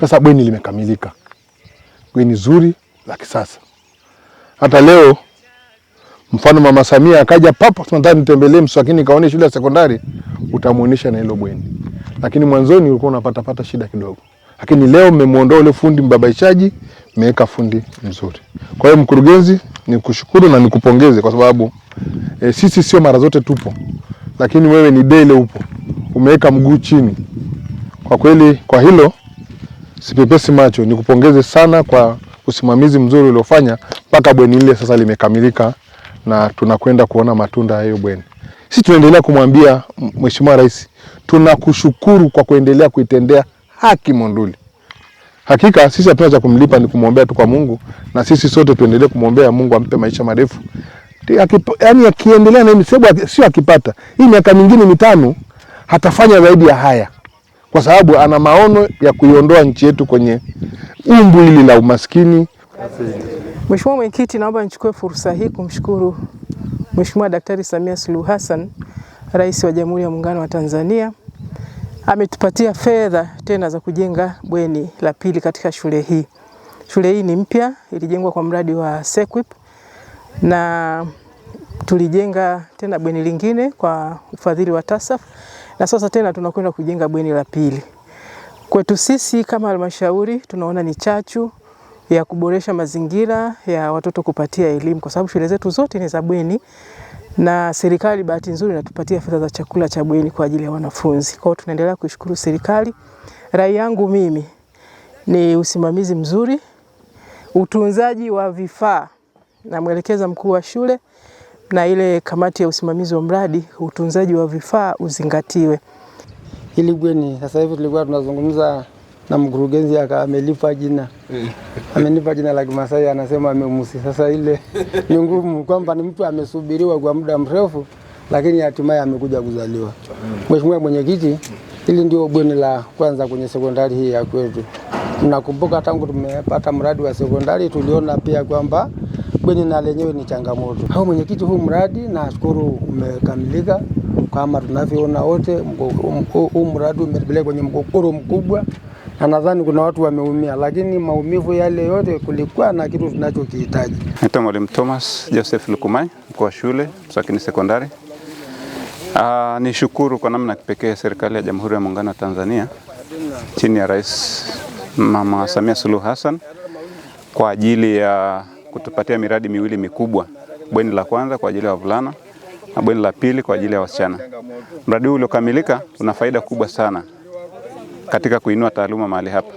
Sasa bweni limekamilika, bweni zuri la kisasa. Hata leo mfano Mama Samia akaja papa, nataka nitembelee Mswakini kaone shule ya sekondari, utamuonesha na hilo bweni. Lakini mwanzoni ulikuwa unapata pata shida kidogo, lakini leo mmemwondoa ule fundi mbabaishaji, mmeweka fundi mzuri. Kwa hiyo mkurugenzi, nikushukuru na nikupongeze kwa sababu e, sisi sio mara zote tupo, lakini wewe ni daily upo, umeweka mguu chini kwa kweli, kwa hilo Sipepesi Macho, nikupongeze sana kwa usimamizi mzuri uliofanya mpaka bweni lile sasa limekamilika na tunakwenda kuona matunda hayo bweni. Sisi tunaendelea kumwambia Mheshimiwa Rais, tunakushukuru kwa kuendelea kuitendea haki Monduli. Hakika sisi hatuna cha kumlipa, ni kumwombea tu kwa Mungu, na sisi sote tuendelee kumwombea Mungu ampe maisha marefu. Yaani akiendelea na sio akipata hii miaka mingine mitano hatafanya zaidi ya haya kwa sababu ana maono ya kuiondoa nchi yetu kwenye umbu hili la umaskini. Mheshimiwa Mwenyekiti, naomba nichukue fursa hii kumshukuru Mheshimiwa Daktari Samia Suluhu Hassan, Rais wa Jamhuri ya Muungano wa Tanzania. Ametupatia fedha tena za kujenga bweni la pili katika shule hii. Shule hii ni mpya, ilijengwa kwa mradi wa SEQUIP na tulijenga tena bweni lingine kwa ufadhili wa TASAF na sasa tena tunakwenda kujenga bweni la pili. Kwetu sisi kama halmashauri tunaona ni chachu ya kuboresha mazingira ya watoto kupatia elimu, kwa sababu shule zetu zote ni za bweni na serikali bahati nzuri inatupatia fedha za chakula cha bweni kwa ajili ya wanafunzi. Kwa hiyo tunaendelea kuishukuru serikali. Rai yangu mimi ni usimamizi mzuri, utunzaji wa vifaa, namwelekeza mkuu wa shule na ile kamati ya usimamizi wa mradi utunzaji wa vifaa uzingatiwe. Hili bweni sasa hivi tulikuwa tunazungumza na mkurugenzi akamelipa jina mm. amenipa jina la Kimasai anasema amemusi. Sasa ile ni ngumu kwamba ni mtu amesubiriwa kwa muda mrefu, lakini hatimaye amekuja kuzaliwa. Mm. Mheshimiwa Mwenyekiti, hili ndio bweni la kwanza kwenye sekondari hii ya kwetu. Tunakumbuka tangu tumepata mradi wa sekondari tuliona pia kwamba kweni na lenyewe ni changamoto. Hao mwenyekiti, huu mradi nashukuru umekamilika kama tunavyoona wote, huu mradi umepeleka kwenye mgogoro mkubwa, na nadhani kuna watu wameumia, lakini maumivu yale yote kulikuwa na kitu tunachokihitaji. Naitwa Mwalimu Thomas Joseph Lukumai, mkuu wa shule Mswakini Sekondari. Aa, ah, ni shukuru kwa namna kipekee serikali ya Jamhuri ya Muungano wa Tanzania chini ya Rais Mama Samia Suluhu Hassan kwa ajili ya kutupatia miradi miwili mikubwa, bweni la kwanza kwa ajili ya wavulana na bweni la pili kwa ajili ya wasichana. Mradi huu uliokamilika una faida kubwa sana katika kuinua taaluma mahali hapa.